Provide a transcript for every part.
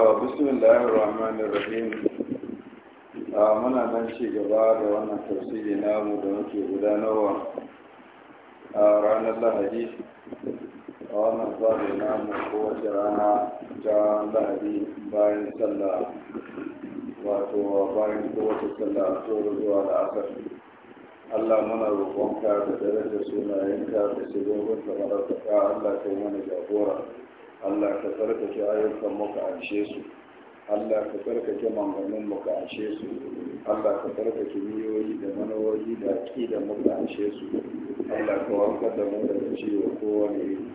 بسم الله الرحمن A muna nan ci gaba da wannan tafsiri namu da muke gudanarwa a ranar lahadi a wannan zaɓe namu kowace rana ta lahadi bayan sallah wato bayan kowace sallah a tsoro zuwa da asar Allah muna roƙonka da darajar sunayenka da shirin wata mararka Allah kai mana jagora Allah ka tsarkake ayyukan mu ka anshe su Allah ka tsarkake manganin mu ka anshe su Allah ka tsarkake miyoyi da manawoyi da ki da mu ka su Allah ka warkar da mu daga ciwo kowane iri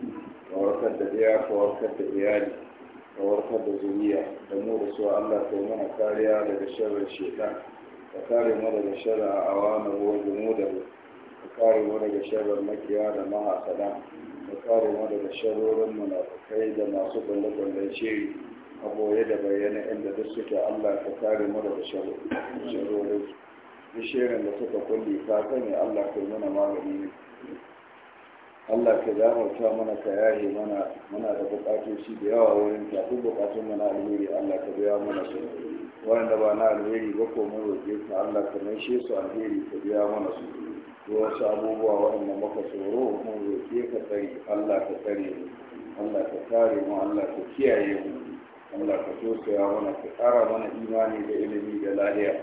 ka warkar da ɗaya ka warkar da iyali ka warkar da zuriya da mu da su Allah ka yi mana kariya daga sharrin shaitan ka kare mu daga sharrin awamu wa mu da mu ka kare mu daga sharrin makiya da mahasada ka kare mu daga sharorin munafukai da masu balle-ballen shiri a boye da bayyana inda duk suke Allah ka kare mu daga sharorin su shirin da suka kulli ka sani Allah ka yi mana magani ne Allah ka gafarta mana ka yaye mana muna da bukatoci da yawa wurin ka duk bukatun mu na alheri Allah ka biya mana su wanda ba na alheri ba ko mun roƙe ka Allah ka maishe su alheri ka biya mana su wasu abubuwa waɗanda muka tsoro mun roƙe ka tsari Allah ka tsare mu Allah ka kare mu Allah ka kiyaye mu Allah ka tosaya mana ka ƙara mana imani da ilimi da lahiya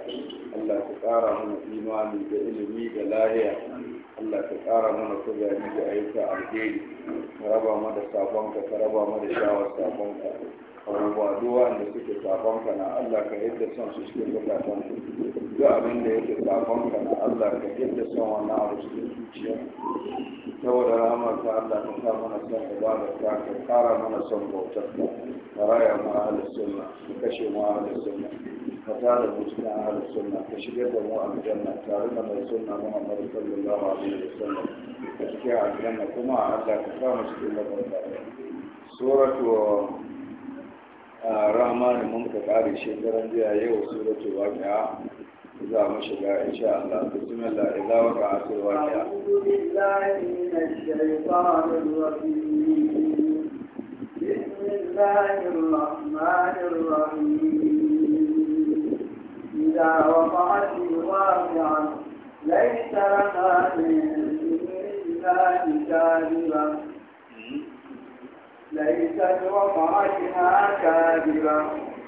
Allah ka ƙara mana imani da ilimi da lahiya Allah ka ƙara mana kuzari da ayyuka alheri ka raba mana sabonka ka raba mana shawar sabonka ba duwa da suke sabon na Allah ka yadda son su suke bukatan duk abin da yake sabon na Allah ka yadda son wannan abu suke zuciya saboda rahama ta Allah ka sa mana son ibada ta ka kara mana son bautar ka raya mu ahlus sunna ka kashe mu ahlus sunna ka tara mu cikin ahlus sunna ka shigar da mu aljanna tare da mai sunna Muhammad sallallahu alaihi wasallam ka cikin aljanna kuma Allah ka sa mu cikin labarka suratu rahmanin mun ka kare shekaran jiya yau suratul waqi'a za mu shiga insha Allah bismillah idza waqa'a waqi'a billahi minash shaitanir rajim bismillahir rahmanir rahim idza waqa'at waqi'a laysa lana min dunillahi kadhiba ليست وقعتها كاذبة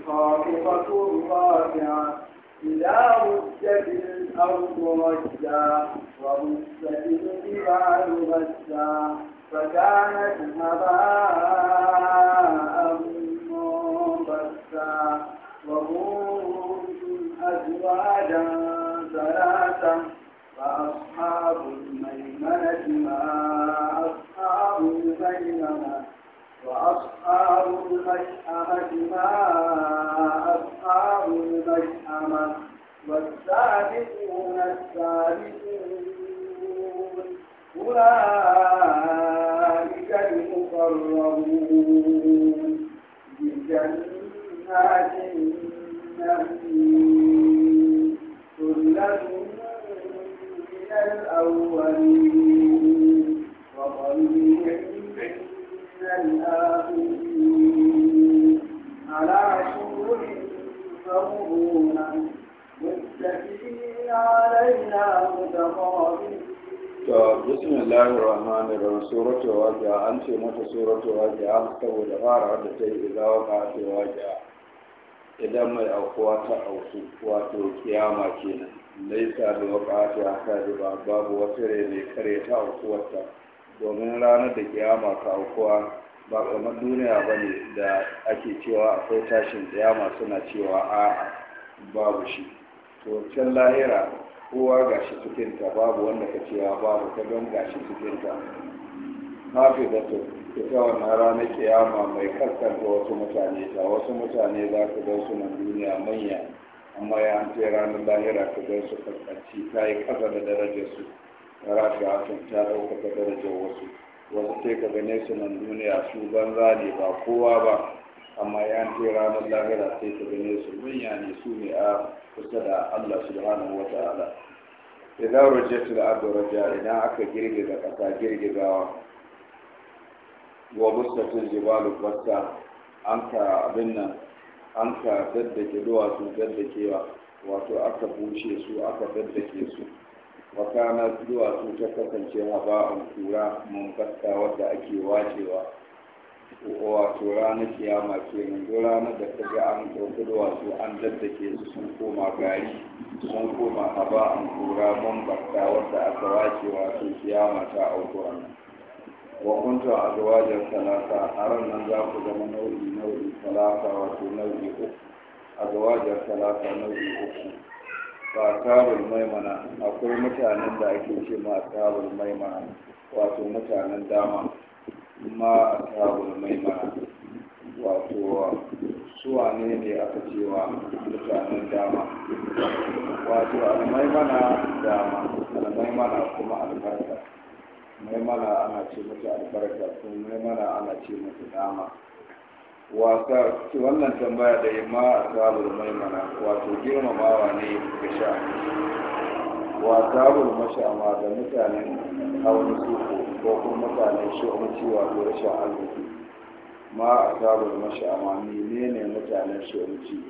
خافضة رافعة إذا رجت الأرض رجا ورجت الجبال غسا فكانت هباء منبثا وكنتم أزواجا ثلاثة فأصحاب الميمنة أصحاب المشأمة ما أصحاب المشأمة والسابقون السابقون أولئك المقربون بجنات النبي ثلة من الأولين وقليل الآخرين على سور To, bismillahir rahmanir rahim waqi'a an ce mata suratu waqi'a saboda fara da ta yi waqi'a idan mai aukuwa ta auku wato kiyama kenan laisa da waqi'a ta haka ba babu wata rai mai kare ta domin ranar da kiyama ta aukuwa ba kamar duniya ba ne da ake cewa akwai tashin tsayama suna cewa a babu shi to can lahira kowa ga shi cikinta babu wanda ka cewa babu ka don ga shi cikinta hafi da to ita wannan ranar kiyama mai kaskanta wasu mutane ta wasu mutane za ka gan su nan duniya manya amma ya an ranar lahira ka gan su kaskanci ta yi kasa da darajar su ta rafi ta ɗaukaka darajar wasu wasu sai ka gane su nan duniya su banza ne ba kowa ba amma yan ce ranar lahira sai ka gane su manya ne su ne a kusa da Allah subhanahu wa ta'ala idan rajatu da abdu raja idan aka girgiza kasa girgizawa wa bustatul jibalu basta an ka abin nan an ka daddake duwatsu daddakewa wato aka bushe su aka daddake su wata na zuwa sun ta kasance haba an kura mun kasta wadda ake wacewa wato ranar kiyama kenan duk ranar da ta ga an ɗauki duwatsu an daddake su sun koma gari sun koma haba an kura mun bakta wadda aka wace wato kiyama ta auku nan. wa a azwajan salasa a nan za ku zama nau'i nau'i salasa wato nau'i uku a azwajan salasa nau'i uku ba tabul maimana akwai mutanen da ake ce ma tabul maimana wato mutanen dama ma tabul maimana wato suwa ne ne aka wa mutanen dama wato maimana dama almaimana kuma albarka maimana ana ce mata albarka kuma maimana ana ce mutu dama wannan tambaya da yamma a sabul maimana wato girmamawa ne ga sha wasa bul mashama da mutanen hawan suko ko kuma mutanen shi'umci wato rashin arziki ma a sabul mashama ne ne mutanen shi'umci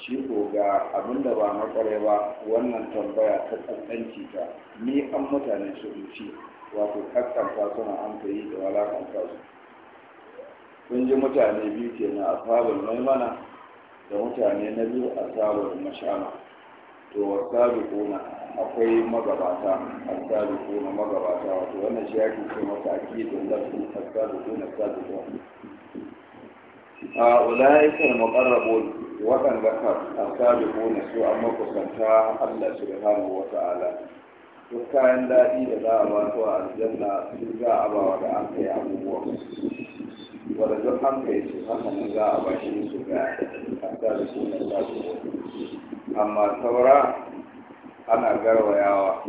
shi ko ga abinda ba makare ba wannan tambaya ta tsantsanci ta ni an mutanen shi'umci wato kakkanta suna an da walakanta su kun ji mutane biyu kenan a sabon maimana da mutane na biyu a sabon mashama to sabi kuna akwai magabata a sabi kuna magabata wato wannan shi yake ce masa da lafi sabi kuna sabi kuna a ulaikar muqarrabun waɗanda ka sabi kuna su amma makusanta Allah subhanahu wa ta'ala duk kayan daɗi da za a ba su a aljanna sun za a ba wa da an kai abubuwa wadda duk hanka ya ce hakan za a bashi su ga kanta da su ba. zafi amma saura ana garwayawa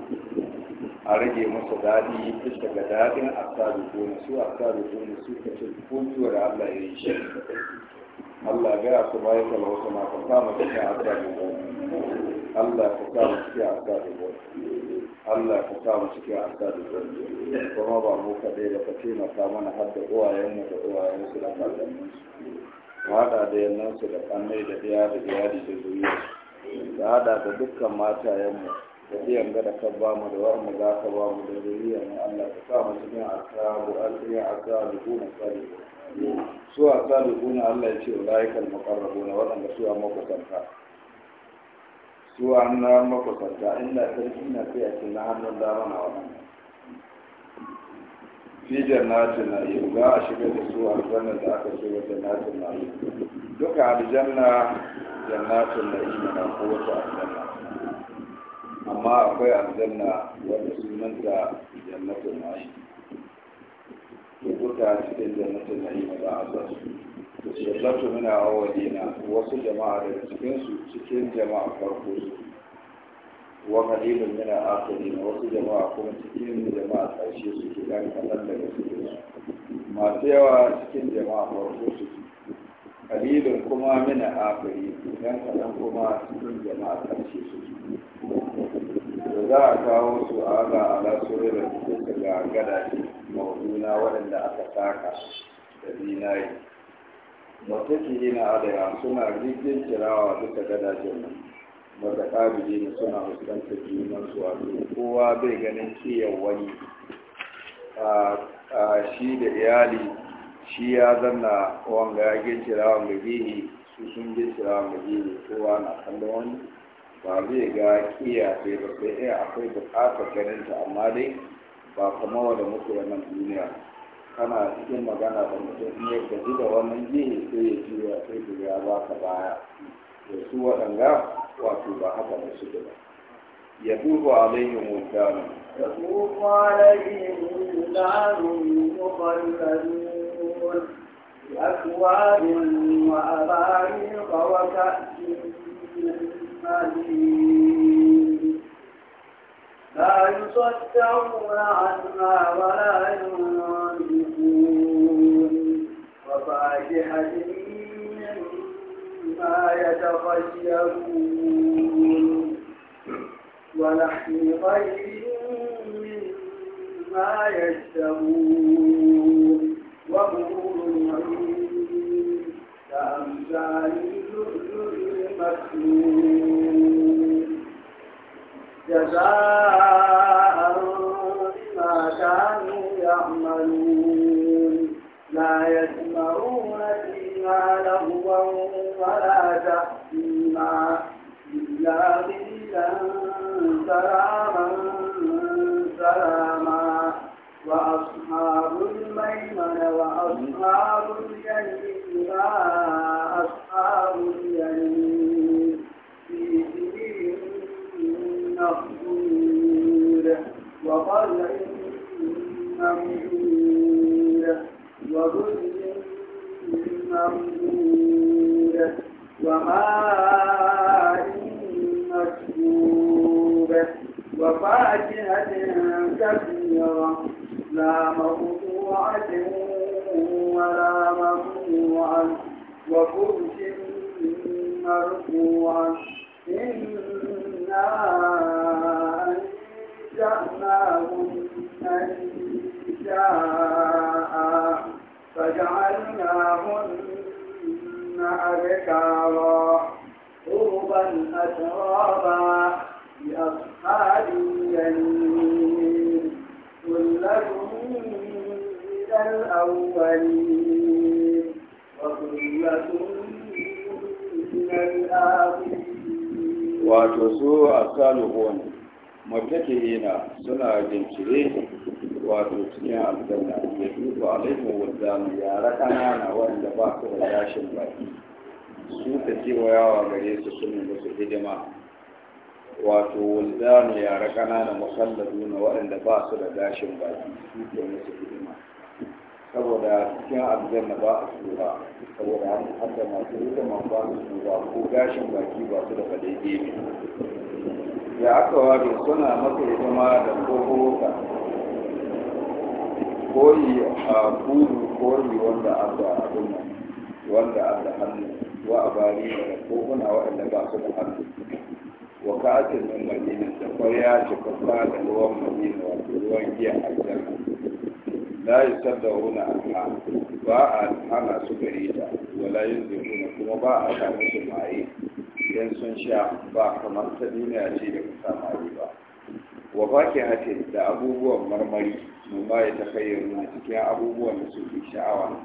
a rage masa daɗi ita ga daɗin asabi gona su asabi gona su ka ce kuntuwa da Allah ya yi shi Allah gaya su bayan talauta ma ka samu cikin asabi gona Allah ka samu cikin asabi gona Allah ka sa mu cikin asarar zanzu kuma ba mu kaɗai da ka taimaka mana har da uwayenmu da uwayensu da kakanninsu ka haɗa da yannansu da ƙannai da ɗaya da iyali da zuriya ka haɗa da dukkan matayenmu da ɗiyan gada da ka ba mu da mu za ka ba mu da zuriya mu Allah ka sa mu cikin asarar alƙiya asarar gona sani su asarar gona Allah ya ce wa layukan maƙarrabu na waɗanda su a makusanta su an na makusanta inda sarki na sai a ce na hannun dama na wannan. fijar nacin na yi za a shiga da su zanen da aka ce wata nacin na yi duka aljanna jannatin na yi mana ko wata aljanna amma akwai aljanna wanda sunanta jannatin na yi da ta cikin jannatin na yi mana a sasu shallatu mina na wasu jama'a daga cikinsu cikin jama'a farko su wa qalilun a al na wasu jama'a kuma cikin jama'a ƙarshe su ke dan kadan daga cikin su masu yawa cikin jama'a farko su qalilun kuma muna a akhirin don kadan kuma cikin jama'a ƙarshe su da za a kawo su a ga ala suratul ga gadaje mawduna waɗanda aka saka da zinari wata yi na adaya suna rigin kirawa duka gadajen nan wata kabili ne suna fuskantar junan su wato kowa bai ganin ciyar wani shi da iyali shi ya zanna wanga ya gincira wanga gini su sun gincira wanga gini kowa na kallon wani ba zai ga kiya sai ba sai akwai bukatar ganinta amma dai ba kuma wani mutu wannan duniya kana cikin magana da mutum in ya gaji da wannan jihi sai ya juya sai ku ya ba ka baya da su waɗanda wato ba haka da su ba ya duba alaihim wuldanu ya duba alaihim wuldanu mukhalladun بأكواب وأباريق وكأس من لا يصدعون عنها ولا يكون ولحم غير مما يشتهون عُرُبًا أَتْرَابًا لِأَصْحَابِ الْيَمِينِ ثُلَّةٌ مِّنَ الْأَوَّلِينَ suna jinkire wato cikin aljanna ya tuba alaihim wa ya rakana na wanda ba su da yashin baki su ta kewayawa gare su sun musu hidima wato wuldanu yara ƙananan musallatu na waɗanda ba su da gashin baki su ke musu hidima saboda cikin da ba a tura saboda har da masu hidima ba su tura ko gashin baki ba su da balaige ne ya aka ware suna masa hidima da Ko koyi a kudu koyi wanda aka abin wanda aka hannu wa bari da koguna waɗanda ba su da hannu wa ka'atin min madina da kwarya ta kafa da ruwan madina wato ruwan giya a aljanna la yusaddauna anha ba a hana su gare ta wala yuzuna kuma ba a hana su maye idan sun sha ba kamar ta duniya ce da kusa maye ba wa ke hatin da abubuwan marmari mun ba ya takayyaru na cikin abubuwan da suke sha'awa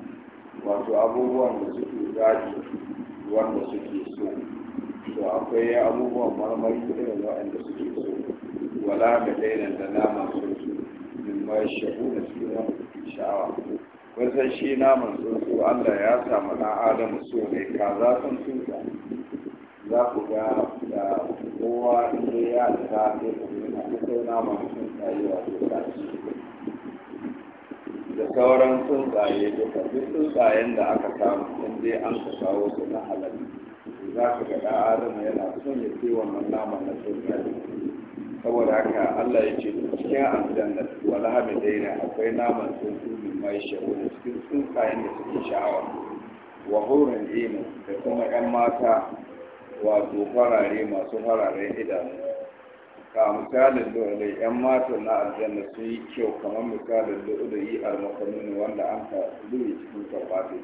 wato abubuwan da suke zaɓi wanda suke so to akwai abubuwan marmari irin waɗanda suke so wala da dainan da nama sosu min ma shahu da su yawan sha'awa wasan shi naman tsuntsu allah ya samu ɗan adamu so ne za sun tuta za ku ga da kowa ne ya ta ne kuma na kusa naman sun tayi wato kaci da sauran tsuntsaye duka duk tsuntsayen da aka samu in dai an ka kawo su na halali za ka ga ɗan adama yana son ya ce wannan naman na tsuntsaye saboda haka Allah ya ce cikin aljanna wala ne akwai naman tsuntsu mai mai da cikin tsuntsayen da suke sha'awa wa hurin da kuma 'yan mata wato farare masu fararen idanu ka misalin lu'ulai yan matan na aljanna sun yi kyau kamar misalin lu'ulai almakamin wanda an ka lu'i cikin karfafi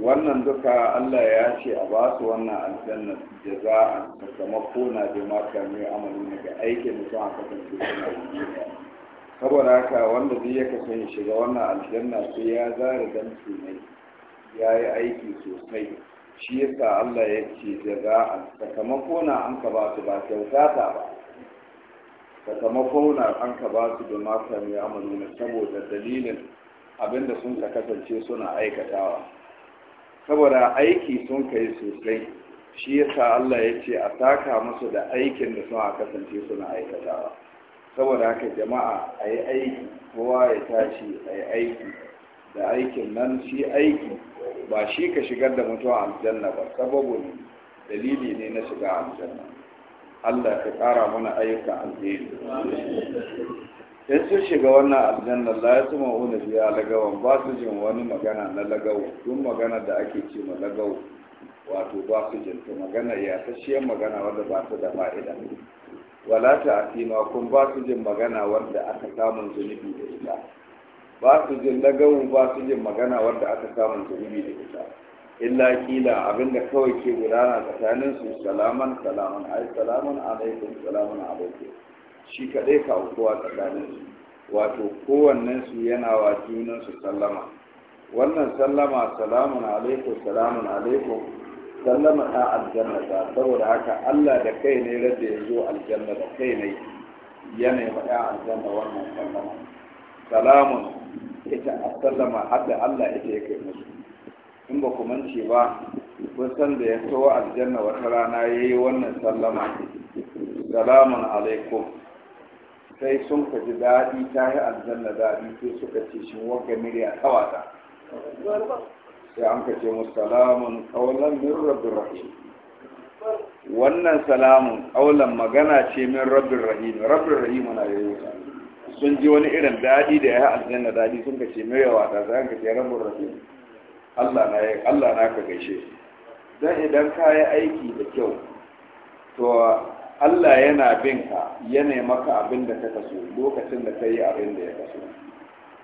wannan duka allah ya ce a ba su wannan aljanna jaza'an sakamako na jama'a mai amalin ga aikin da sun haka kan suna duniya saboda haka wanda zai ya kasance shiga wannan aljanna sai ya zara dan mai ya yi aiki sosai shi yasa Allah ya ce da za a sakamako na an ka ba su ba kyauta ta ba sakamakon na an ka ba su da mata mai saboda dalilin abinda sun ka kasance suna aikatawa saboda aiki sun ka yi sosai shi yasa Allah ya ce a saka musu da aikin da suna kasance suna aikatawa saboda haka jama'a a yi aiki kowa ya tashi a yi aiki da aikin nan shi aiki ba shi ka shigar da mutuwa aljanna ba sababu dalili ne na shiga aljanna Allah ka ƙara mana ayyuka alheri in sun shiga wannan aljanna la ya tuma wani biya lagawan ba su jin wani magana na lagawo duk magana da ake ce ma lagawo wato ba su jin ta magana ya tashiyar magana wadda ba ta da fa'ida wala ta asima kun ba su jin magana wadda aka samun zunubi da ita ba su jin lagawo ba su jin magana wadda aka samun zunubi da ita illa kila abinda kawai ke gudana tsakanin su salaman salaman ai salaman alaikum salaman alaikum shi kadai ka aukuwa tsakanin su wato kowannen su yana wa junan su sallama wannan sallama salamun alaikum salamun alaikum sallama ta aljanna ta saboda haka Allah da kai ne radda ya zo aljanna da kai ne yana yi ya aljanna wannan sallama salamun ita a sallama hadda Allah ita ya kai musu in ba ku mance ba kun san da ya tawo aljanna wata rana ya yi wannan sallama salamun alaikum sai sun ka ji daɗi ta yi aljanna daɗi sai suka ce shi wagga a tawata sai an ka ce musu salamun ƙaunar min rabin rahim wannan salamun ƙaunar magana ce min rabin rahim rabin rahim na yayi sun ji wani irin daɗi da ya yi aljanna daɗi sun ka ce mai yawa ta sai an ka ce rabin rahim Allah na Allah na ka gaishe su dan idan ka yi aiki da kyau to Allah yana bin ka yana maka abin da ka kaso lokacin da ka yi abin da ya kaso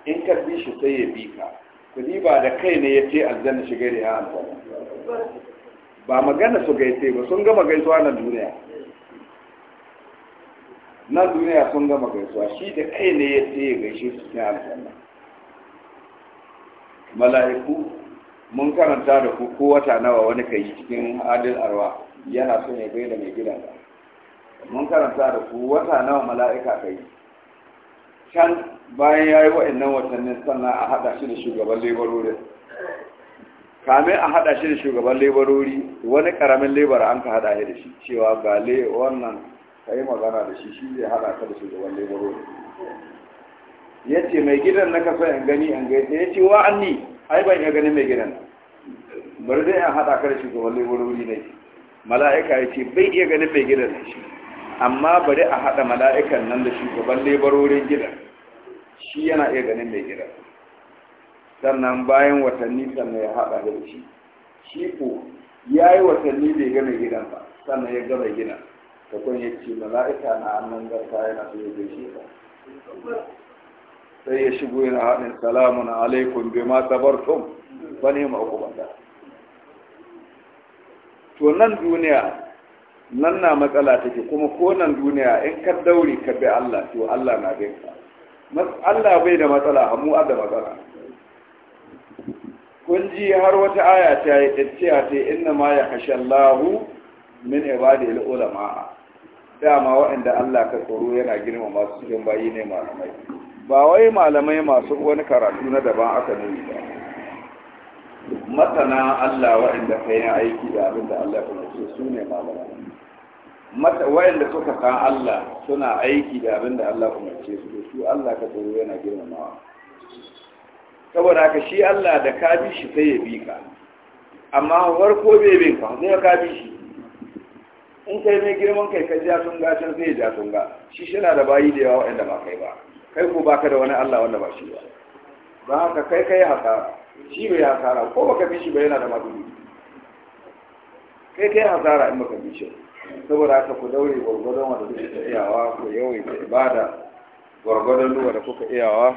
in ka bi shi sai ya bi ka kudi ba da kai ne ya ce aljanna shiga da ya aljanna ba magana su gaishe ba sun gama gaisuwa na duniya na duniya sun gama gaisuwa shi da kai ne ya ce ya gaishe su cikin aljanna mala'iku mun karanta da ku ko wata nawa wani kai cikin adil arwa yana son ya da mai gidan da mun karanta da ku wata nawa mala'ika kai can bayan ya yi wa'annan watannin sannan a haɗa shi da shugaban laborori kamin a haɗa shi da shugaban lebarori wani ƙaramin lebara an ka haɗa shi da shi cewa ga wannan ka yi magana da shi shi zai haɗa ka da shugaban lebarori ya ce mai gidan na kafa in gani in gaisa ya ce wa an ai ban ya gani mai gidan bari dai an haɗa ka da shugaban wuri ne mala'ika ya ce bai iya ganin mai gidan shi amma bari a haɗa mala'ikan nan da shugaban laborin gidan shi yana iya ganin mai gidan sannan bayan watanni sannan ya haɗa da shi shi ko ya yi watanni bai gane gidan ba sannan ya gaba gidan ta kun ya ce mala'ika na annan garka yana so ya shi ba sai ya shigo yana haɗin salamun alaikum bai ma sabartum wani ma uku banda to nan duniya nan na matsala take kuma ko nan duniya in ka daure ka bi Allah to Allah na bin ka Allah bai da matsala amma a da matsala kun ji har wata aya ta yi tattaya ta inna ma ya hashe Allahu min ibadi ulama dama waɗanda Allah ka tsoro yana girma masu cikin bayi ne malamai ba wai malamai masu wani karatu na daban aka nuni ba masana Allah waɗanda ka yi aiki da abin da Allah ya umarce su ne malamai waɗanda suka san Allah suna aiki da abin da Allah umarce su su Allah ka tsoro yana girmamawa saboda haka shi Allah da ka bi shi sai ya bi ka amma farko bai bin ka sai ka bi shi in kai mai girman kai ka ja tunga can sai ya ja tunga shi shi na da bayi da yawa waɗanda ba kai ba kai ko baka da wani Allah wanda ba shi ba ba haka kai kai haka shi bai hasara ko baka bi shi ba yana da madubi kai kai hasara in baka bi shi saboda haka ku daure gwargwadon wanda kuke iyawa ku yawaita ibada gwargwadon luwa da kuka iyawa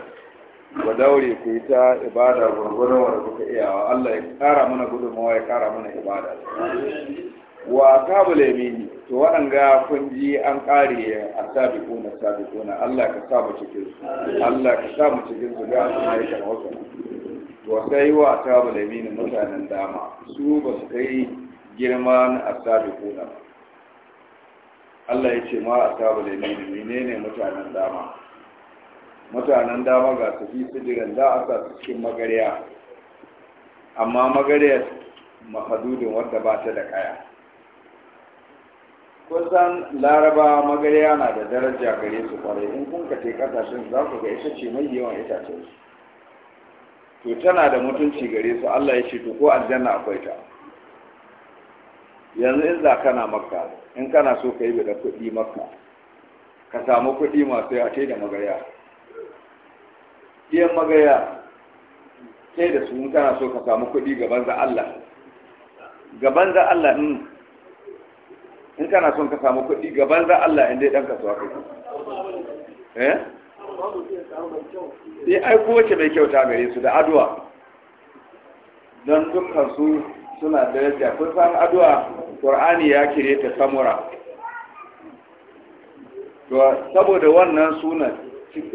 ku daure ku yi ta ibada gwargwadon wanda kuka iyawa Allah ya kara mana gudunmawa ya kara mana ibada wa kabul yamini to waɗanga kun ji an ƙare a ko na Allah ka sa mu cikin Allah ka sa mu cikin su ga Allah wasu wa sai wa ta bulabina mutanen dama su ba su kai girma na asabi kuna Allah ya ce ma da mini, menene mutanen dama mutanen dama ga su fi jiran za a sa su cikin magariya amma magariya mahadudin wadda ba ta da kaya kusan laraba magariya na da daraja gare su kwarai in kun ka ce kasashen za ku ga ita ce mai yawan itacen su to tana da mutunci gare su Allah ya ce to ko aljanna akwai ta yanzu in za kana makka in kana so ka yi da kuɗi makka ka samu kuɗi masu yace da magaya iya magaya sai da su in kana so ka samu kuɗi gaban za Allah gaban za Allah in hmm. in kana so ka samu kuɗi gaban za Allah in dai ɗan kasuwa kai eh sai aiko wacce mai kyauta gare su da addu'a don dukkan su suna daraja kun san addu'a qur'ani ya kire ta samura to saboda wannan sunan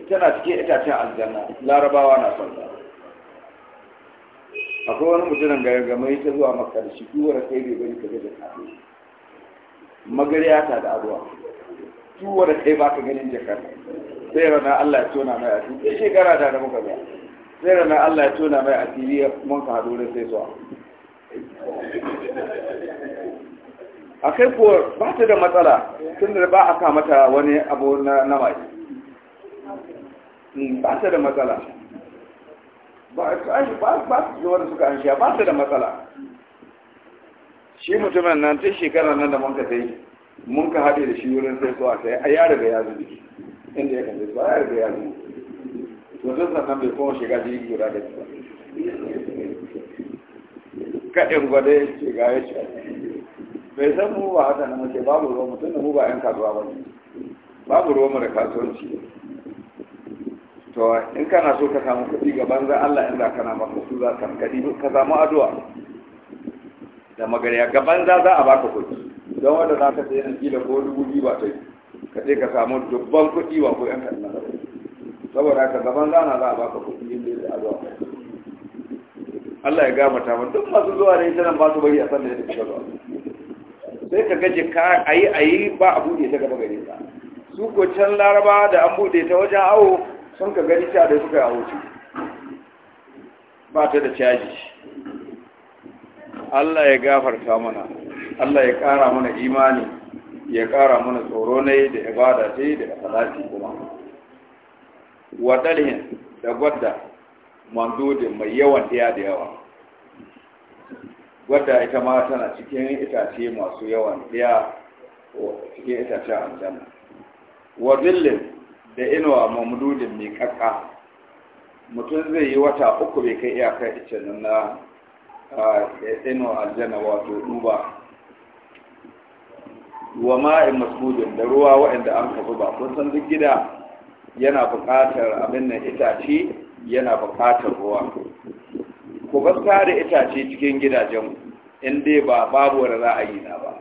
tana cikin itacen aljanna larabawa na son ta akwai wani mutumin game ta zuwa makka da shi duwar kai bai bari ka ga da kaɗe magariya ta da addu'a duwar kai ba ka ganin jakar sai rana Allah ya tona mai asiri sai shekara da muka biya sai rana Allah ya tona mai asiri mun ka haɗu sai zuwa a ko ba ta da matsala tun da ba a ka mata wani abu na mai hmm, ba ta da matsala ba su zuwa da suka an shi ba ta da matsala shi mutumin nan tun shekarar nan da mun ka ta mun ka haɗe da shi wurin sai zuwa sai a ya riga ya inda ya kalli ba ya riga ya zo to sun sannan bai koma shiga jirgi guda da ba kaɗin gwada ya ce ga ya ce bai san mu ba haka na mace babu ruwan mutum da mu ba 'yan kasuwa ba ne babu ruwan mu da kasuwanci to in kana so ka samu kuɗi ga banza Allah in za ka na maka su za ka kaɗi ka samu addu'a da magariya ga banza za a baka kuɗi don wanda za ka sayi na kila ko dubu biyu ba ta yi ka ka samu dubban kuɗi wa ko yan kallon saboda haka gaban zana za a baka kuɗi yin da ya zuwa Allah ya gama ta duk masu zuwa da ita nan ba su bari a san da yadda kuka zuwa sai ka gaje ka ayi ayi ba a buɗe ta gaba gare ka su ko can laraba da an buɗe ta wajen awo sun ka gani ta da suka yi awo ba ta da caji Allah ya gafarta mana Allah ya ƙara mana imani ya ƙara mana tsoro ne da ibada ce da salati kuma wa dalhin da gwadda da mai yawan ɗaya da yawa gwadda ita ma tana cikin itace masu yawan ko cikin itacen aljanna wa dillin da inuwa mamdudin mai kakka mutum zai yi wata uku bai kai iyakar icen na inuwa aljanna wato duba wa ma'in masudin da ruwa waɗanda an kafa ba kun san duk gida yana buƙatar abin nan itace yana buƙatar ruwa ku gaska da itace cikin gidajen in dai ba babu wani ra'ayi na ba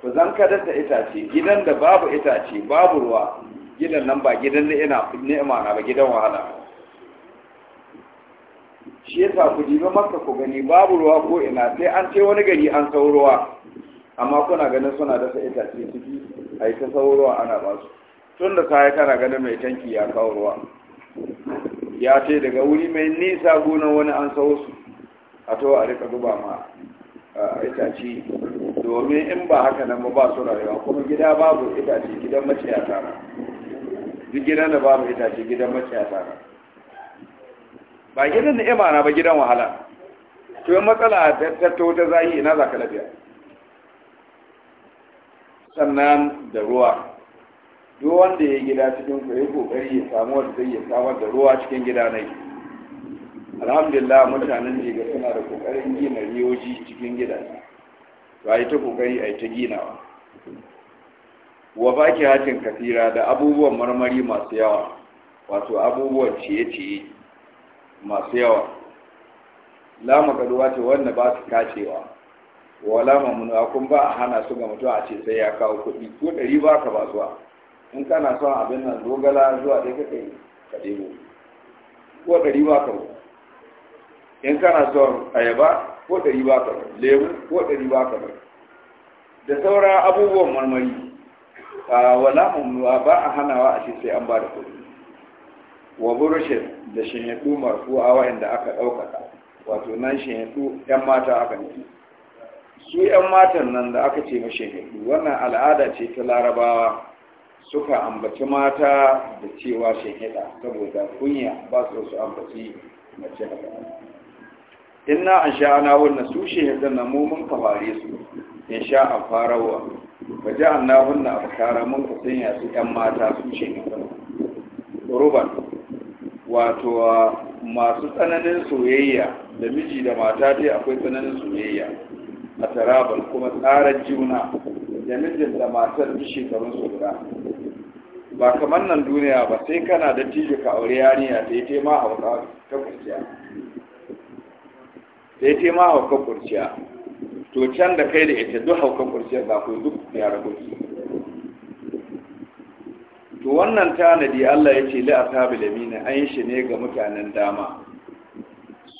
ku zan kada da itace gidan da babu itace babu ruwa gidan nan ba gidan da ina ni'ima na ba gidan wahala shi yasa ku jibi maka ku gani babu ruwa ko ina sai an ce wani gari an sau ruwa amma kuna ganin suna dasa itace ciki a yi ta saurowa ana ba su tun da kaya kana ganin mai tanki ya kawo ruwa ya ce daga wuri mai nisa gonan wani an sau su a to a rika duba ma itace domin in ba haka nan ba su rayuwa kuma gida babu itace gidan maciyata tara. duk gidan da babu itace gidan ya tara. ba gidan ni'ima na ba gidan wahala to matsala ta ta zahi ina za ka lafiya sannan da ruwa duk wanda ya gida cikin ku yi kokari ya samu wanda zai ya samar da ruwa cikin gida nai alhamdulillah mutanen jiga suna da kokarin gina riyoji cikin gida to yi ta kokari yi ta ginawa wa baki hatin kafira da abubuwan marmari masu yawa wato abubuwan ciye-ciye masu yawa Lamu kaduwa ce wanda ba su kacewa wala a kun ba a hana su ga mutum a ce sai ya kawo kuɗi ko ɗari ba ka ba zuwa in kana son abin nan dogala zuwa dai kake ka ɗebo ko ɗari ba ka in kana son ayaba ko ɗari ba ka lemu ko ɗari ba ka da sauran abubuwan marmari wala a ba a hanawa a ce sai an ba da kuɗi wa burushin da shinyaɗu marfu'a da aka ɗaukaka wato nan shinyaɗu 'yan mata aka nufi shi 'yan matan nan da aka ce mashahidu wannan al'ada ce ta larabawa suka ambaci mata da cewa shahida saboda kunya ba su su ambaci mace haka inna an ana wannan su shahidan na mu mun kafare su in sha an farawa ba ji an na wannan abkara mun ka sanya su 'yan mata su shahidan ruban wato masu tsananin soyayya da miji da mata dai akwai tsananin soyayya a tarabar kuma tsarar juna da mijin da matar duk shekarun su guda ba kamar nan duniya ba sai kana da tijo ka aure yariya ya yi ma hauka ta kurciya ya yi ma hauka kurciya to can da kai da ita duk hauka kurciya za ku duk yara kuki to wannan tanadi Allah ya ce li'asabil yamina an yi shi ne ga mutanen dama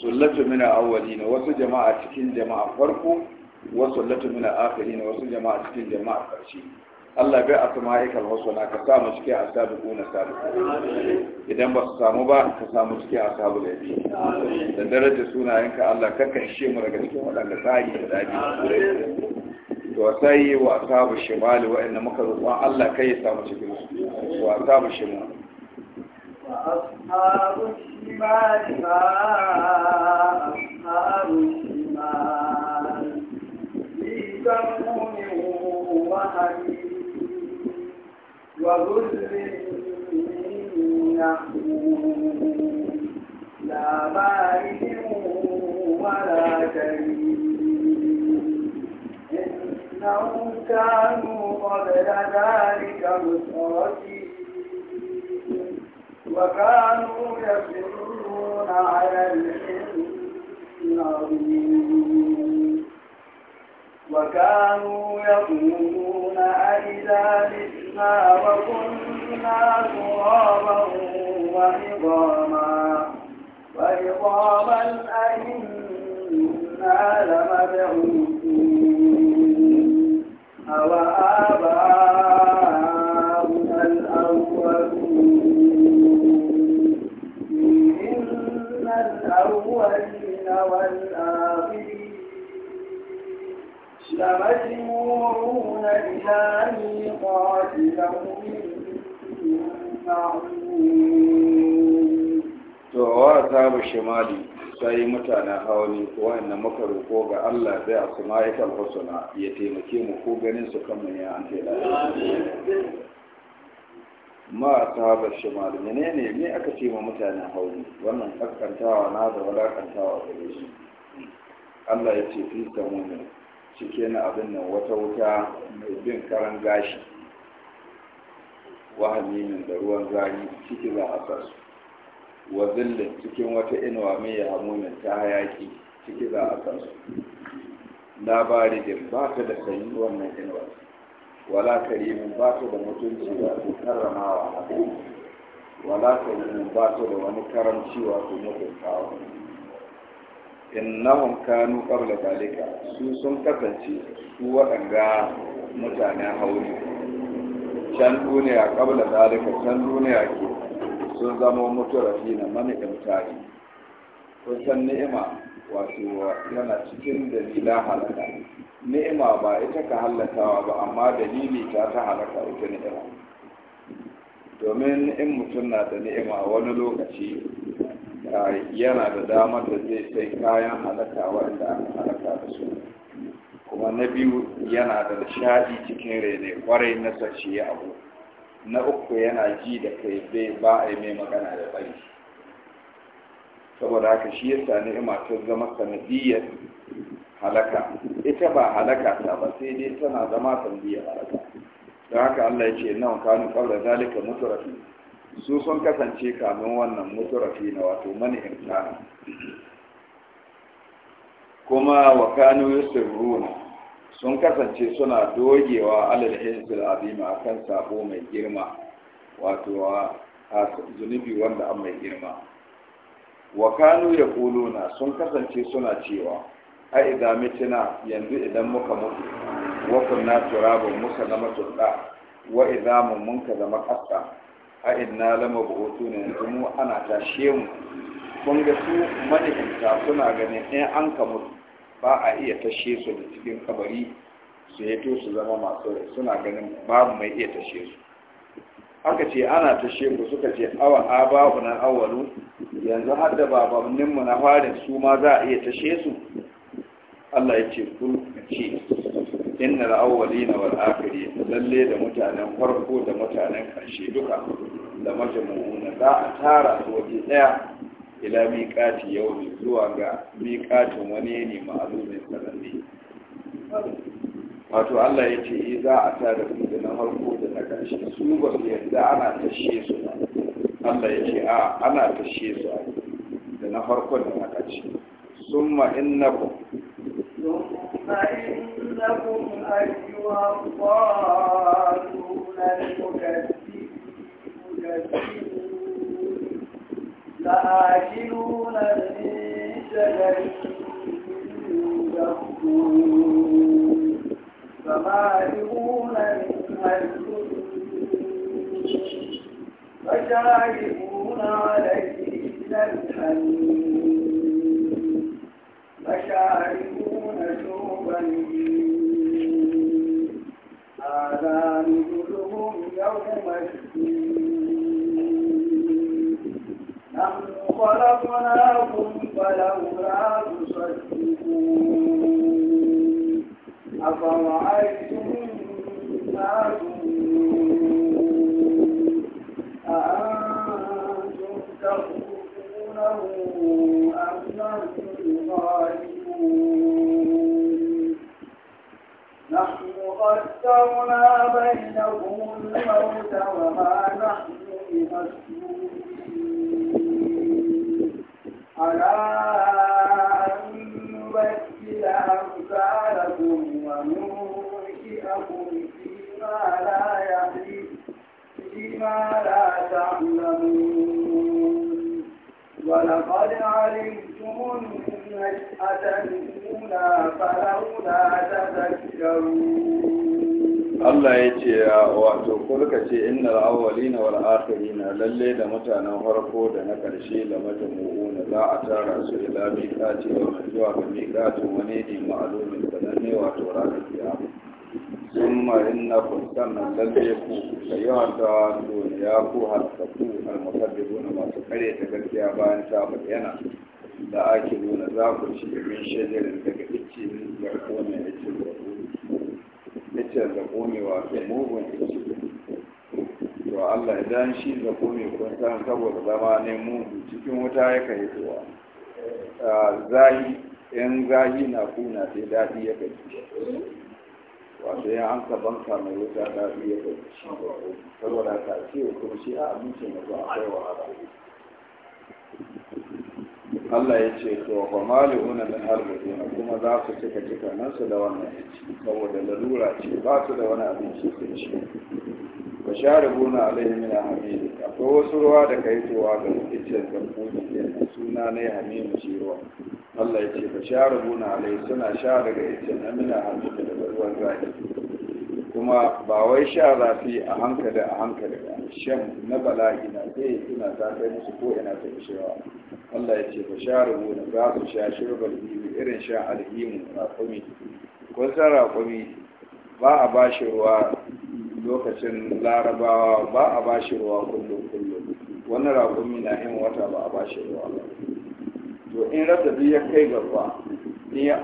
sullatu min awwalina wasu jama'a cikin jama'a farko wasu latu mina akari ne wasu jama'a cikin jama'a karshe Allah bai a sama aikal wasu na ka samu cike a sabiku na sabiku idan ba su samu ba ka samu cike a sabu da bi da daraja sunayenka Allah kakan shi mu daga cikin waɗanda tsari da daji to sai wa sabu Mali wa'anda muka roƙon Allah kai ya samu cikin su wa sabu shimali وأصحاب الشمال ما shi الشمال سموم وحديد وظل من يحموم لا بارد ولا كريم إنهم كانوا قبل ذلك مسرفين وكانوا يصرون على الحلم العظيم وكانوا يقولون أئذا متنا وكنا ترابا وعظاما وعظاما أئنا لمبعوثون أو آباؤنا الأولون إن الأولين والآخرين لمجموعون إلى ميقات يوم To wa sabu shimali sai mutane hauni wa'anda muka roƙo ga Allah zai a sumayikal suna ya taimake mu ko ganin su kan ne an kai lafiya. Ma sabu shimali menene ne aka ce ma mutane hauni wannan kaskantawa na da walakantawa gare shi. Allah ya ce fi samu ne cikin abin nan wata wuta mai bin karan gashi wahalimin da ruwan zari ciki za a sasu wa zillin cikin wata inuwa mai ya ta hayaki ciki za a sasu labari da ba ta da sanyi wannan inuwa wala karimin ba ta da mutunci wato karramawa haka wala karimin ba ta da wani karamci wato mutuntawa innahum kanu qabla zalika su sun kasance su waɗanga mutanen hauri can duniya qabla zalika can duniya ke sun zama mutarafi na mani'in tari kusan ni'ima wato yana cikin dalila halaka ni'ima ba ita ka hallatawa ba amma dalili ta ta halaka ita ni'ima domin in mutum na da ni'ima wani lokaci yana da damar da zai sai kayan halaka wanda aka halaka da su kuma na biyu yana da shadi cikin rene kwarai na sashi ya abu na uku yana ji da kai bai ba a yi mai magana da bai saboda haka shi ya sani ima ta zama sanadiyar halaka ita ba halaka ta ba sai dai tana zama sanadiyar halaka don haka Allah ya ce nan kanu qabla zalika mutrafi su sun kasance kamun wannan mutarafi na wato mani imtana kuma wa Yusuf runa sun kasance suna dogewa alal hizzil azima akan sabo mai girma wato a zunubi wanda an mai girma wa ya kuluna sun kasance suna cewa a idan mutuna yanzu idan muka mutu wa kunna turabun musa na turda wa idan mun munka zama kasta a inna lama buhutu ne yanzu mu ana tashe mu kun ga su manihimta suna ganin in an ka ba a iya tashe su da cikin kabari su yato su zama masu rai suna ganin babu mai iya tashe su aka ce ana tashe mu suka ce awa a babu na awalu yanzu har da babanninmu na farin su ma za a iya tashe su Allah ya ce kun ce innal awwalina wal akhirin lalle da mutanen farko da mutanen karshe duka da majmu'una za a tara su waje daya ila yau ne zuwa ga miƙatin wani ne ma'lumin sananne wato Allah ya ce eh, za a tara su da na harko da na ƙarshe su ba su yadda ana tashe su ba Allah ya ce a ana tashe su da na harkon da na karshe a innakum فإنكم أيها الضالون المكذبون يكذبون لآكلون من شجر يخرجون فمالئون منها فشاربون عليه من الحميم فشاربون شرب هذا نزلهم يوم الدين نحن خلقناكم فلولا تصدقون أفرأيتم ما أأنتم تخلقونه أم نحن الغالبون نحن قدرنا بينهم الموت وما نحن بمسجون lalle da mutanen farko da na ƙarshe da mata mu'una za a tara su ila miƙati wa mai zuwa ga miƙatin wani ne ma'alumin ne wato ranar kiyama sun marin na fuskan na lalle ku da yawan ta duniya ko halakatu almusaddiqu na masu kare ta gaskiya bayan ta bayyana da ake nuna za ku ci min shajarin daga icce ya kome icce da kome icce da kome wato mugun icce Wa Allah idan shi da kome kwanta saboda zama ne mugu cikin wuta yaka hitowa zahi yan zahi na kuna sai daɗi yaka ji wato sai an ka banka mai wuta daɗi yaka ji shi saboda ka ce kuma shi a abincin da ba akwai wahala Allah ya ce to fa mali'una min harbina kuma za su cika cika nan su da wannan yanci saboda lalura ce ba su da wani abinci sai ci wa share gona alaihi min hamid akwai wasu ruwa da kai cewa ga rikicin zambuji kenan suna na yi shi ruwa Allah ya ce fa share gona alaihi suna sha daga rikicin amina hamid da ruwan zaki kuma ba wai sha zafi a hankali a hankali ba shan na bala'i na sai suna ta kai musu ko ina ta shewa Allah ya ce ba share gona za su sha shirbar bibi irin sha alhimu raƙumi kun san raƙumi ba a bashi ruwa lokacin larabawa ba a ba shi ruwa kullum kullum wani raƙumi na yin wata ba a ba shi ruwa ba to in rasa bi ya kai ruwa, in ya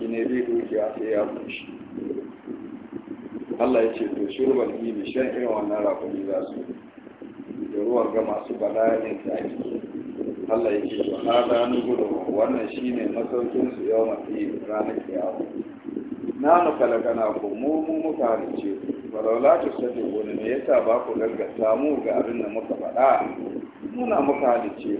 ki ne zai dukiya sai ya kushi Allah ya ce to shurban ibi shan irin wannan raƙumi za su da ruwan ga masu bala'in zaki Allah ya ce to hada ni gudu wannan shine masaukin su yau mafi ranar kiyawa na nufa daga na ko mu mu muka ku falaula ta sake wani ne yasa ba ku gaggata mu ga abin da muka faɗa muna muka halice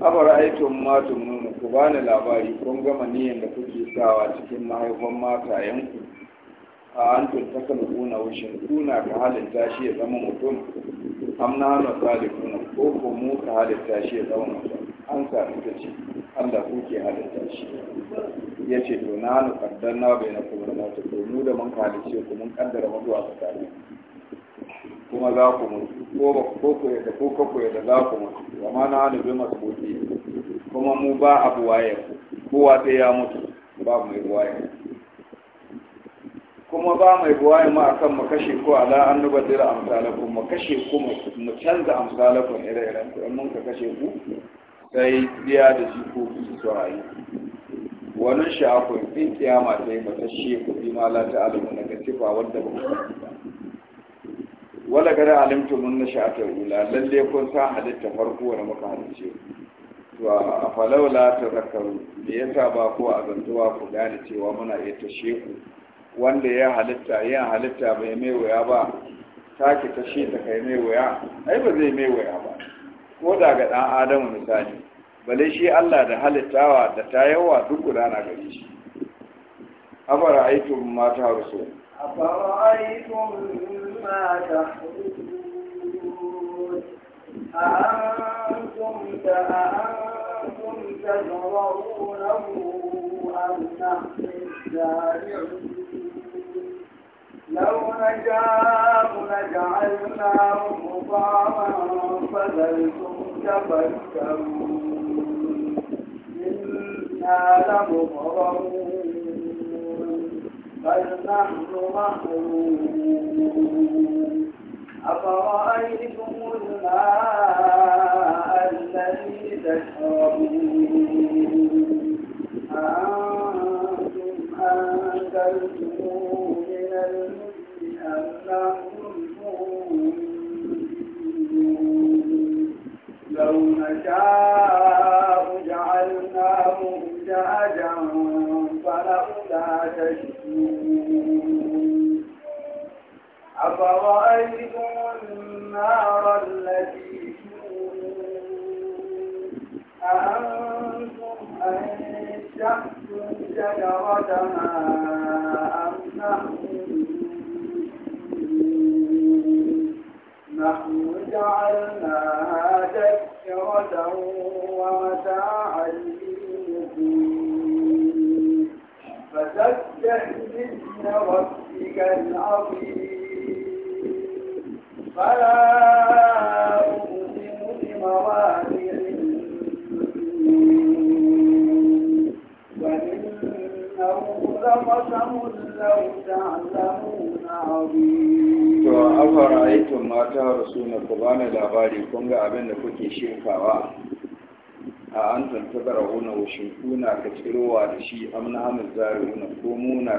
abar aikin matun nuna ku ba ni labari kun gama niyan da kuke sawa cikin mahaifan matayenku a an tuntaka kuna wushin kuna ka halitta shi ya zama mutum na hana salifuna ko ko mu ka halitta shi ya zama mutum an sa ta ce allah kuke halitta shi ya ce to na hannu kaddar na bai na kuma na ta mu da mun kalice ku mun kaddara mutuwa tare kuma za ku mutu ko ko ku yadda ko ka ku yadda za ku mutu amma na hannu bai masu buɗe kuma mu ba abu waye kowa sai ya mutu ba mai waye kuma ba mai buwaye ma a kan makashe ko ala an nubadir amsalakun makashe ku mu canza amsalakun ire-iren ku in mun ka kashe ku sai biya da shi ko su su wani shafin in kiyama ta yi ku kuɗi ma la ta alamu na gatifa wadda ba ku wala gara alimtu mun na sha'atar ula lalle kun san halitta farko wanda muka halice to a falaula ta zakaru da yasa ba ko a zantuwa ku gane cewa muna iya ta ku wanda ya halitta yin halitta bai mai wuya ba take tashe ta kai mai wuya ai ba zai mai wuya ba ko da ga dan adamu misali bale shi Allah da halittawa da ta yawa duk gudana gari shi afara aitum ma ta harsu afara aitum ma ta أأنتم أأنتم تزرعونه أم a an لو نشاء لجعلناه حطاما فذلتم تفكرون إنا لمغرمون بل نحن محرومون أفرأيتم الماء الذي تشربون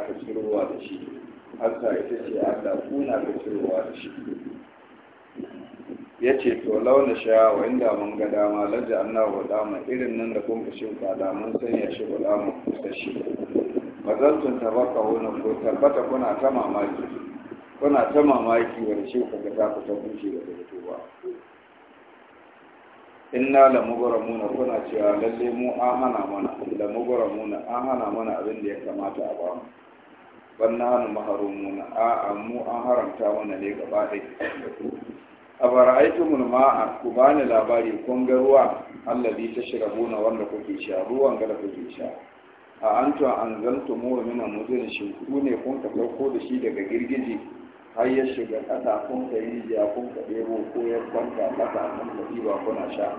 ka cirowa da shi hasa ita ce Allah ku na ka cirowa da shi ya ce to launa sha wa inda mun ga dama lajja anna wa dama irin nan da kun ka ba da mun sanya shi da shi. kusashi mazaltun tabaka wani ko tabbata kuna ta mamaki kuna ta mamaki wani shi ku ga ta ku ta bushe da ta ba inna la mugramuna kuna cewa lalle mu an hana mana la mugramuna an hana mana abin da ya kamata a bamu banna maharumuna a'a mu an haramta wannan ne gaba ɗaya a aiki mun ma'a ku bani labari kun ga ruwa allazi tashrabuna wanda kuke sha ruwan ga da kuke sha a antu zanto mu min muzin shi ku ne kun ka dauko da shi daga girgije har ya shiga kasa kun ka yi ya kun ka debo ko ya kwanta kasa kun ka diba kuna sha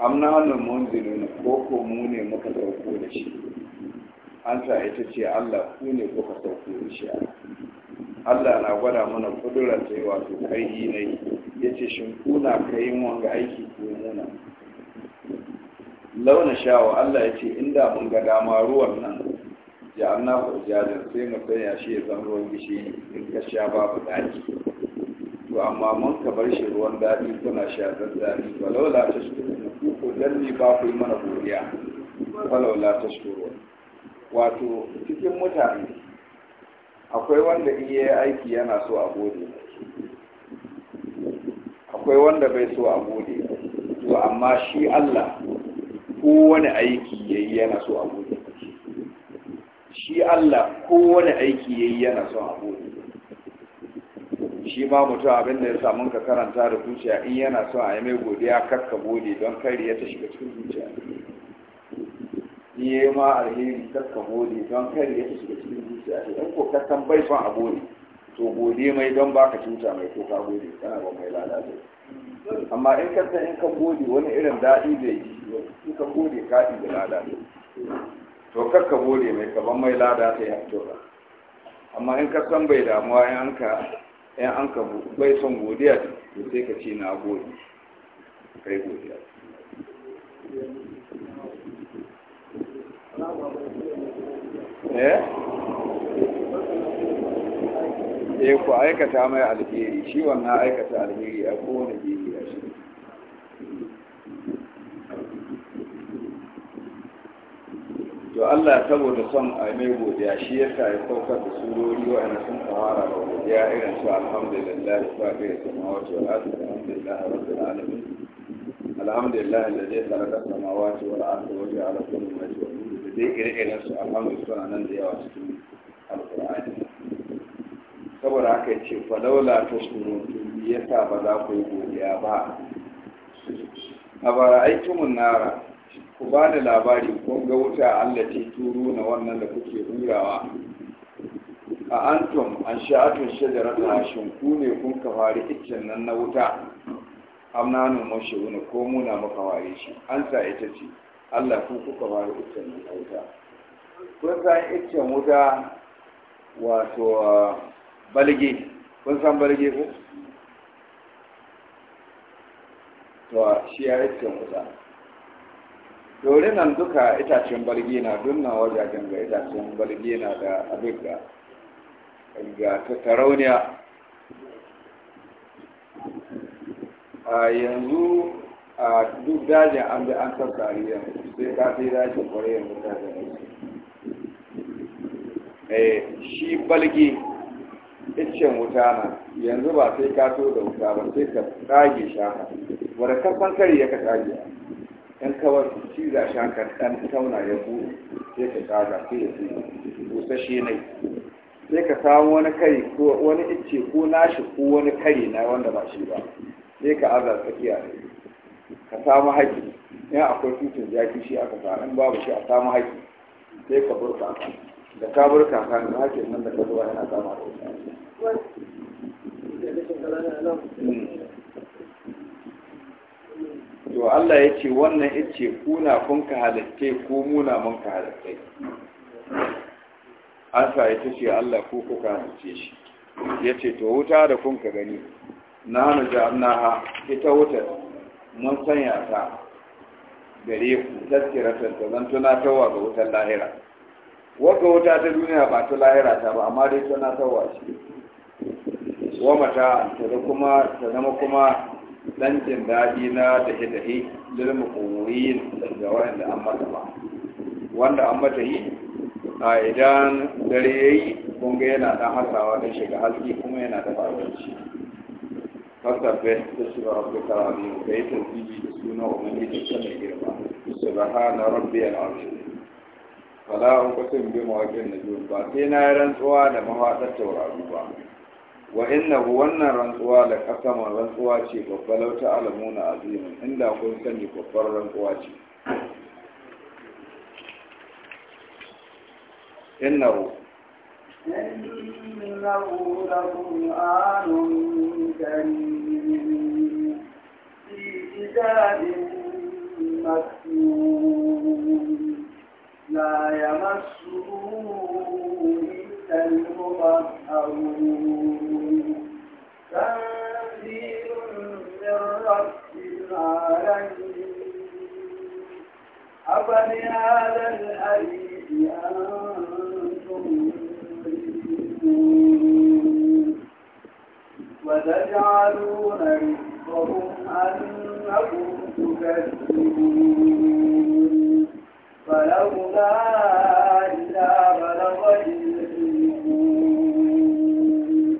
amna nan ne ko ko mu ne muka dauko da shi an sa ita ce Allah ku ne kuka sauko shi Allah na gwada mana kudura ta yi wato kai ne ya ce shin kuna kai wanga aiki ko nuna? launa shawa Allah ya ce inda mun ga dama ruwan nan ya anna jaje sai mu ya shi ya zama ruwan gishiri in ka sha babu daji to amma mun ka bar shi ruwan daji kuna sha zazzani walau la tashkuru ku ko dalli ba ku yi mana godiya walau la tashkuru wato cikin mutane akwai wanda iya aiki yana so a gode akwai wanda bai so a gode to amma shi Allah kowane aiki yayi yana so a gode shi Allah kowane aiki yayi yana so a gode shi ma mutum abin da ya samu ka karanta da zuciya in yana so a yi mai godiya kakka gode don kariya ta shiga cikin zuciya in yi ma alheri kakka gode don kar ya fi shiga cikin zuciya ce in ko kasan bai son a gode to gode mai don baka cuta mai ko ka gode kana ba mai lalace amma in ka san in ka gode wani irin daɗi zai yi in ka gode ka ɗi da lalace to kakka gode mai kaban mai lada sai ya fito amma in ka san bai damuwa in an ka in an ka bai son godiya to sai ka ce na gode kai godiya eh eh ku aikata mai alheri shi wannan aikata alheri a kowane gefe a shi to Allah saboda son a mai godiya shi sa ya saukar da surori wa'anda sun fara da godiya irin su alhamdulillah fa ga ya sama wato alhamdulillah rabbil alamin alhamdulillah alladhi khalaqa samawati wal arda wa ja'ala kulli shay'in Zai ƙirƙirar su su mai suna nan da yawa cikin alkur'ani saboda haka ce falaula ta shuru ya sa ba za ku yi godiya ba a bara mun nara ku ba da labari kun ga wuta allah ce turu na wannan da kuke hurawa a antum an sha'atun shajarata hashin ku ne kun ka fari iccen nan na wuta amnanu mashi wani ko muna muka ware shi an sa ita ce Allah ku kuka ba da iccen wuta kun san iccen wuta wato uh, balge kun san balge ko to shi ya iccen wuta dore nan duka itacen balge na dunna wajajen ga itacen balge na da abin ga ga tattarauniya a yanzu a duk dajin an bi an sassari yanzu sai ka sai dajin kwarai da ta eh shi balge iccen wuta na yanzu ba sai ka to da wuta ba sai ka tsage shaka wadda kafan kari ya ka tsage in kawar shi za shakar ɗan tauna ya buɗe sai ka tsaga sai ya fi shi ne sai ka samu wani kari ko wani icce ko nashi ko wani kari na wanda ba shi ba sai ka aza tsakiya ne ka samu haƙi in akwai tutun zafi shi aka sa in babu shi a samu haƙi sai ka burka ka da ka burka ka da haƙin nan da ka zuwa yana sama da wuta to Allah ya ce wannan ya ce kuna kun ka halittai ko muna mun ka halittai an sa ya ce Allah ko kuka halitta shi ya ce to wuta da kun ka gani na hannu ja'annaha ita wutar mun sanya ta gare ku tazkiratan ta zan tunatarwa ga wutar lahira wata wuta ta duniya ba ta lahira ta ba amma dai tunatarwa ce wa mata ta kuma ta zama kuma dan jin daɗi na dahe-dahe lilmu komoyin da an mata ba wanda an mata yi a idan dare ya yi kunga yana ɗan hasawa don shiga haske kuma yana da barbanci kanta bɛ da su ba rabbi ta rabi tafi ji da su na umar mai girma su ba ha na rabbi ya na wasu fada a kwasan bi mawakin na ba sai na yi rantsuwa da mawaɗar taurari ba wa inna wannan rantsuwa da kasaman rantsuwa ce babbar lauta alamu na azimi inda kun sani babbar rantsuwa ce inna hu إنه لقرآن كريم في كتاب مكتوب لا يمسه إلا المطهرون تنزيل من رب العالمين أفبهذا الحديث أنتم مبين وتجعلون رزقهم أنكم تكذبون فلولا إذا بلغت الحلقون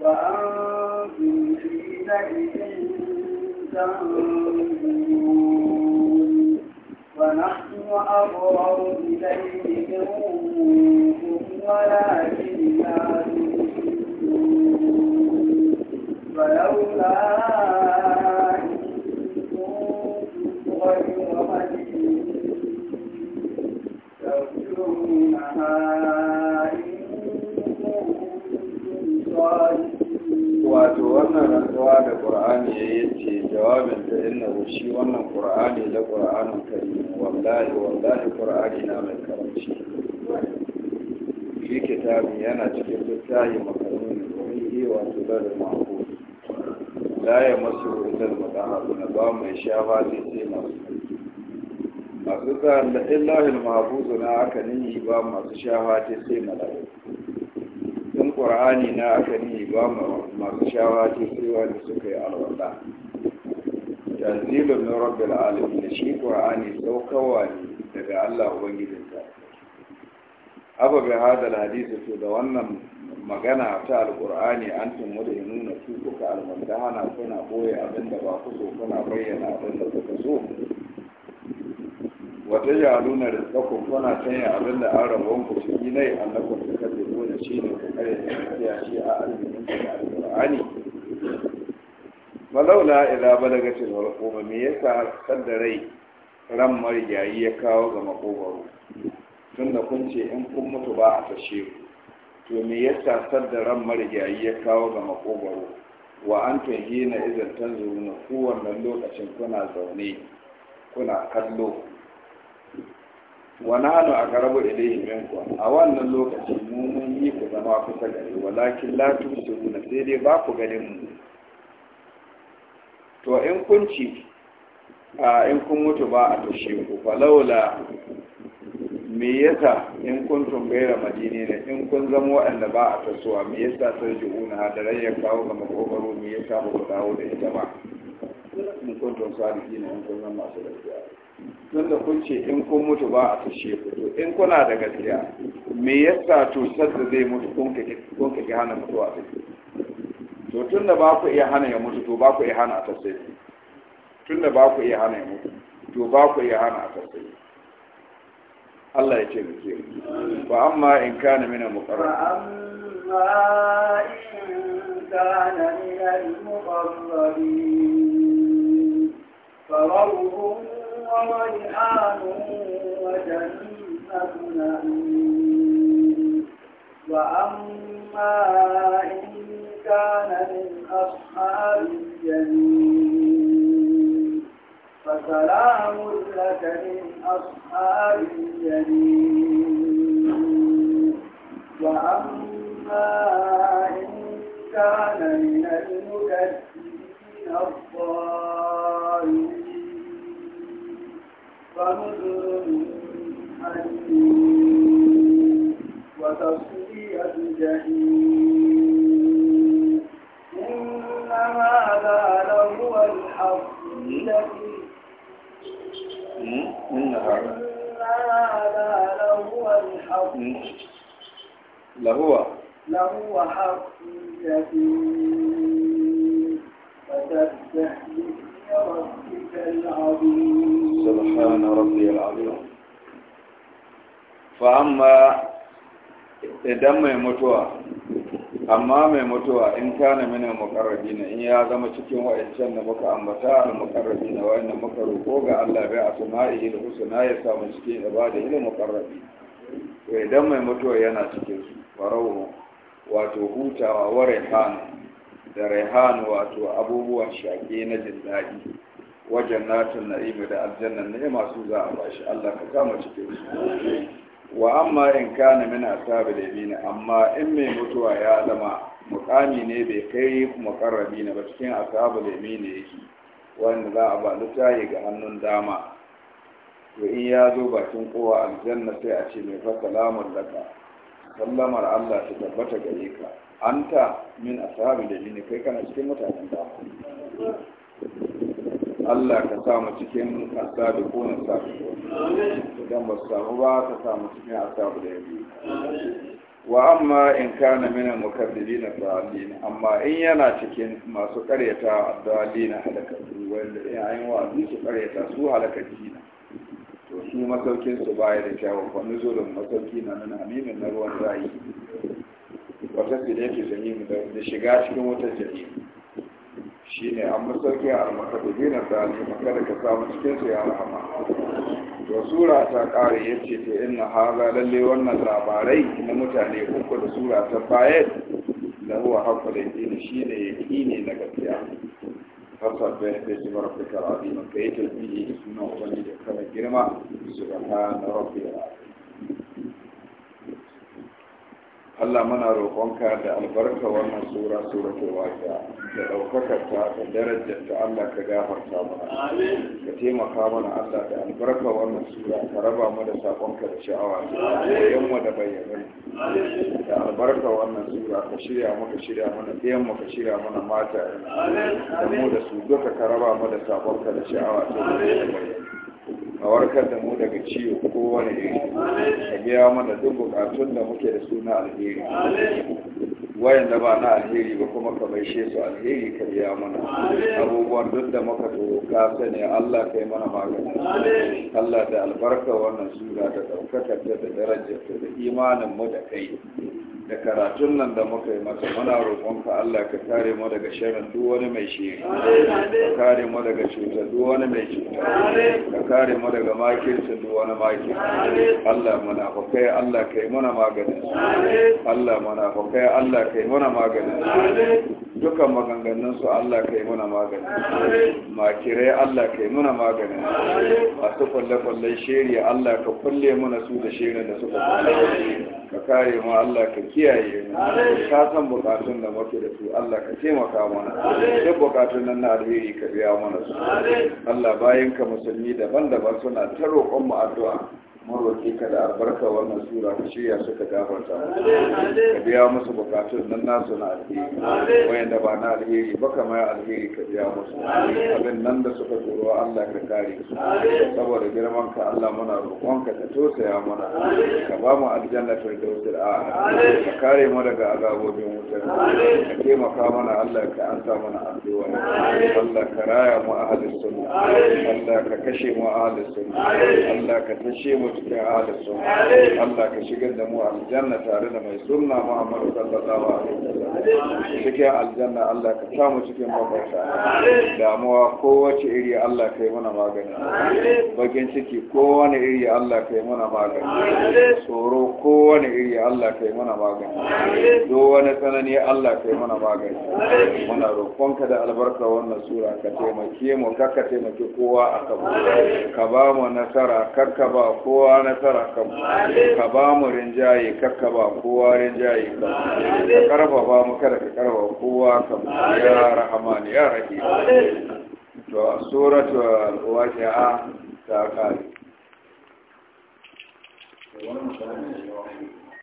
وأنتم حينئذ تنظرون ونحن وأقرب إليه منكم ولكن لا تؤمنون فلولا الله مكنون ومنه وأنزل المعقول لا يمسه إلا المطهرون بام الشافع سيما masu masu tsarin da illahil mahabuzu na aka nihi ba masu shawa ta sai mala'iku in ƙur'ani na aka nihi ba masu shawa ta sai wani suka yi alwada. tanzilun na rabbil alamin da shi qur'ani saukawa ne daga Allah ubangijin ta aba bi hadal hadisi to da wannan magana ta alkur'ani an tun wada nuna su kuka almantahana suna boye abin da ba ku so kuna bayyana abin da suka so wata nuna da tsakon kuna canya abin da an rabon ku ciki nai annabin ku kalle dole shi ne ku kare da shi a arzikin da alkur'ani falaula ila balagatil walquma me yasa kaddarai ran marigayi ya kawo ga makogaro tunda kun ce in kun mutu ba a tashe ku to me ya tasar da ran marigayi ya kawo ga makogwaro wa an tahi na izin tanzuru na kowannan lokacin kuna zaune kuna kallo wa nanu a garabu ilayhi minkum a wannan lokacin mu mun yi ku zama kusa gare walakin la tusiruna sai dai ba ku ganin mu to in kun ci a in kun mutu ba a tushe ku falaula me yasa in kun gaira madini ne in kun zamo waɗanda ba a tasowa me yasa una da ran ya kawo ga makogaro me yasa ba ku dawo da ita ba in kuntum sadiki ne in kun zama masu gaskiya tun da kun ce in kun mutu ba a tashe ku to in kuna da gaskiya me yasa to sadda zai mutu kun ka ki hana mutuwa take to tun da ba ku iya hana ya mutu to ba ku iya hana a tashe tun da ba ku iya hana ya mutu to ba ku iya hana a tashe Allah ya ce mu ke ba amma in kana mina muqarrab amma in kana mina muqarrabin farawhum wa rayhanun wa jannatu wa amma in kana min ashabil jannah فسلام لك من أصحاب اليمين وأما إن كان من المكذبين الضالين فنزل حليم وتصلية جحيم إن هذا لهو الحق الذي إن هذا لهو لهو حق اليقين فسبح باسم ربك العظيم سبحان ربي العظيم فأما إدم ما amma mai mutuwa in kana mina mukarrabi na in ya zama cikin wa'ancan da muka ambata al mukarrabi na wa'annan muka roƙo ga Allah bai asma'i da husna ya samu cikin ibada ila mukarrabi to idan mai mutuwa yana cikin su farawo wato hutawa wa raihan da raihan wato abubuwan shaƙe na jin daɗi wajen natin na'imi da aljanna ne masu za a bashi Allah ka kama cikin su wa amma in kana min da labina amma in mai mutuwa ya zama mukami ne bai kai mukarrabi na ba cikin ashabi labina yake wanda za a ba littafi ga hannun dama to in ya zo bakin kowa aljanna sai a ce mai fa laka sallamar Allah ta tabbata gare ka anta min da labina kai kana cikin mutanen dama Allah ka sa mu cikin asabi ko na sabi idan ba su samu ba ka sa mu cikin asabi da yabi wa amma in kana min mukaddidin dalilin amma in yana cikin masu karyata dalilin halakatu wanda ya ayin wa su karyata su halaka na to su masaukin su baya da kyawun kwanu zo da masauki na nan hamimin na ruwan ra'ayi wata su da yake sanyi da shiga cikin wata jami'a shi ne an masarki a almakadabi na tsari kada ka samu cikin su ya rahama to sura ta kare ya ce yin inna haza lalle wannan labarai na mutane uku da sura ta bayan? da huwa haka da yake shi ne ya ne na gaskiya fasar da ya jimar fikar azima maka yake da sunan wani da kada girma su ga ta na rafiya Allah mana roƙonka da albarka wannan sura suratul waqi'a da ɗaukakar ta da darajar ta Allah ka gafarta mana ka taimaka mana Allah da albarka wannan sura ka raba mu da sakonka da sha'awa da yamma da bayyana da albarka wannan sura ka shirya mu ka shirya mana ɗayan mu ka shirya mana mata da mu da su duka ka raba mu da sakonka da sha'awa da yamma da bayyana a warkar da mu daga ciwo kowane iri ka biya mana duk bukatun da muke da suna alheri wayan da ba na alheri ba kuma ka maishe su alheri ka biya mana abubuwan duk da muka tsoro ka sani Allah ka yi mana magani Allah da albarka wannan sura da ɗaukakar da darajar da imanin mu da kai da karatun nan da muka yi masa muna roƙonka Allah ka kare mu daga sharrin duk wani mai shiri ka kare mu daga cuta duk wani mai cuta ka kare mu daga makircin duk wani makir Allah muna hukai Allah kai muna maganin Allah muna hukai Allah kai muna maganin Dukkan maganganun su Allah kai muna maganin makirai Allah kai muna maganin masu kwalle-kwalle shiri Allah ka kulle muna su da shirin da suka kwalle ka kare mu Allah ka kiyaye mu ka san bukatun da muke da su Allah ka taimaka mana duk bukatun nan na alheri ka biya mana su Allah bayan ka musulmi daban-daban suna ta roƙon mu addu'a maroƙi ka da albarka wannan sura ka shirya suka gafarta ka biya musu bukatun nan nasu na alheri da ba na alheri ba kama alheri ka biya musu abin nan da suka tsoro Allah ka kare su saboda girman ka Allah muna roƙon ka ka tosaya mana ka ba mu aljanna ta dawsul a ka kare mu daga azabobin wutar ka taimaka mana Allah ka an mana addu'a Allah ka raya mu ahlus sunna Allah ka kashe mu ahlus sunna Allah ka tashe mu ya ahalar Allah ka shigar da mu aljanna tare da mai sunna Muhammadu sallallahu alaihi wasallam cikin aljanna Allah ka mu cikin mabarta damuwa kowace iri Allah ka yi mana magani bakin ciki kowane iri Allah ka yi mana magani tsoro kowane iri Allah ka yi mana magani duk wani tsanani Allah ka yi mana magani muna roƙonka da albarka wannan sura ka taimake mu ka taimake kowa a kabu ka ba mu nasara kar ka ba kowa kowa nasara kan ka ba mu rinjaye kakka ba kowa rinjaye kan ka ba mu kada ka karba kowa kan ya rahamani ya rahim to suratu al-waqi'a ta kare